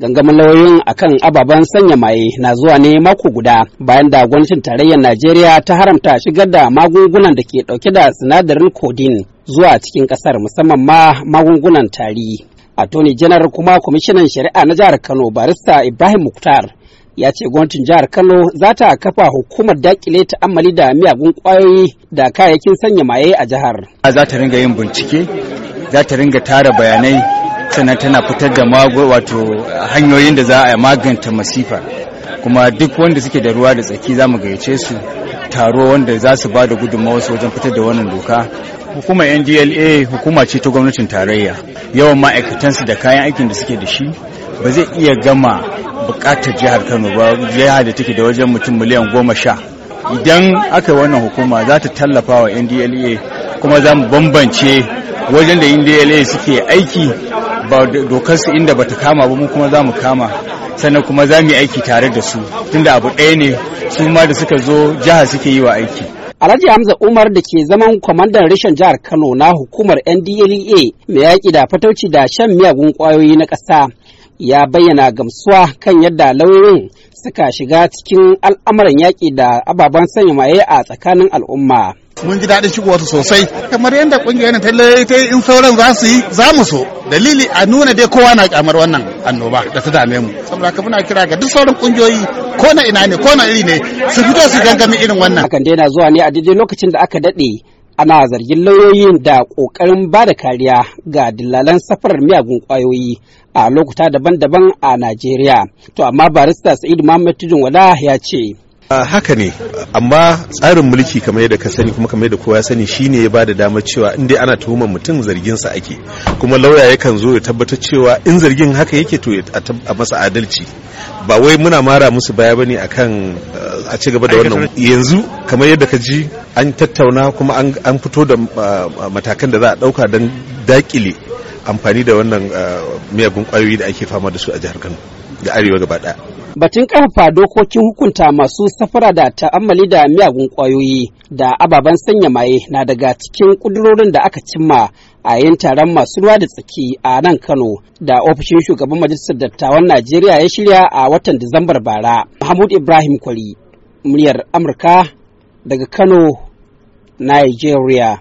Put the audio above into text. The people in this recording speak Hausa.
gangamin lauyoyin akan ababen sanya maye na zuwa ne mako guda bayan da gwamnatin tarayyar Najeriya ta haramta shigar da magungunan da ke dauke da sinadarin codeine zuwa cikin kasar musamman ma magungunan tari. Attorney General kuma kwamishinan shari'a na jihar Kano barista Ibrahim Mukhtar ya ce gwamnatin jihar Kano za ta kafa hukumar dakile ta'ammali da miyagun kwayoyi da kayayyakin sanya maye a jihar. Za ta ringa yin bincike, za ta ringa tara bayanai sannan tana fitar da wato hanyoyin da za a maganta masifa kuma duk wanda suke da ruwa da tsaki za mu gayyace su taro wanda za su ba da wasu wajen fitar da wannan doka hukumar ndla hukuma ce ta gwamnatin tarayya yawan ma'aikatansu da kayan aikin da suke da shi ba zai iya gama bukatar jihar kano ba jihar da take da wajen mutum miliyan goma sha idan aka wannan hukuma za ta tallafa wa ndla kuma za mu bambance wajen da ndla suke aiki ba dokar su inda bata kama ba mu kuma za mu kama sannan kuma za mu yi aiki tare da su tunda abu ɗaya ne su ma da suka zo jiha suke yi wa aiki Alhaji Hamza Umar da ke zaman kwamandan rashin jihar Kano na hukumar NDLEA mai yaƙi da fatauci da shan miyagun ƙwayoyi na ƙasa ya bayyana gamsuwa kan yadda lauyoyin suka shiga cikin al'amuran yaƙi da ababen sanya maye a tsakanin al'umma. mun ji daɗin wasu sosai kamar yadda ƙungiyar ta ta in sauran za su yi za mu so dalili a nuna dai kowa na kyamar wannan annoba da ta dame mu saboda ka muna kira ga duk sauran ƙungiyoyi ko na ina ne ko na iri ne su fito su gangami irin wannan hakan dai na zuwa ne a daidai lokacin da aka daɗe ana zargin lauyoyin da ƙoƙarin ba da kariya ga dillalan safarar miyagun ƙwayoyi a lokuta daban-daban a Najeriya. To amma barista Sa'id Muhammad tijin wala ya ce haka ne amma tsarin mulki kamar yadda ka sani kuma kamar yadda kowa ya sani shine ya bada damar cewa in dai ana tuhuma mutum zargin sa ake kuma lauya yakan zo ya tabbata cewa in zargin haka yake to a masa adalci ba wai muna mara musu baya bane akan a ci gaba da wannan yanzu kamar yadda ka ji an tattauna kuma an fito da matakan da za a dauka don dakile amfani da wannan miyagun kwayoyi da ake fama da su a jihar Kano da arewa gaba ɗaya. Batun ƙarfafa dokokin hukunta masu safara da ta'ammali da miyagun ƙwayoyi da ababen sanya maye na daga cikin ƙudurorin da aka cimma a yin taron masu ruwa da tsaki a nan Kano da ofishin shugaban majalisar dattawan Najeriya ya shirya a watan Disambar bara. Mahmud Ibrahim Kwari, muryar Amurka daga Kano, Nigeria.